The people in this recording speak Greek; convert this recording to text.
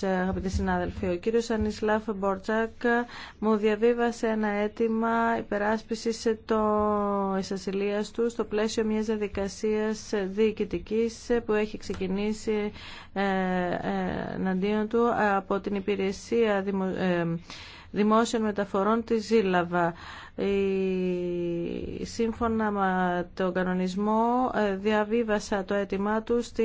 Ε, αγαπητοί συνάδελφοι, ο κύριος Ανισλάφ Μπορτζάκ μου διαβίβασε ένα αίτημα υπεράσπισης το εισασυλίας του στο πλαίσιο μιας διαδικασίας διοικητικής που έχει ξεκινήσει ε, ε, εναντίον του από την υπηρεσία δημόσιων μεταφορών της Ζήλαβα. Σύμφωνα με τον κανονισμό διαβίβασα το αίτημά του στη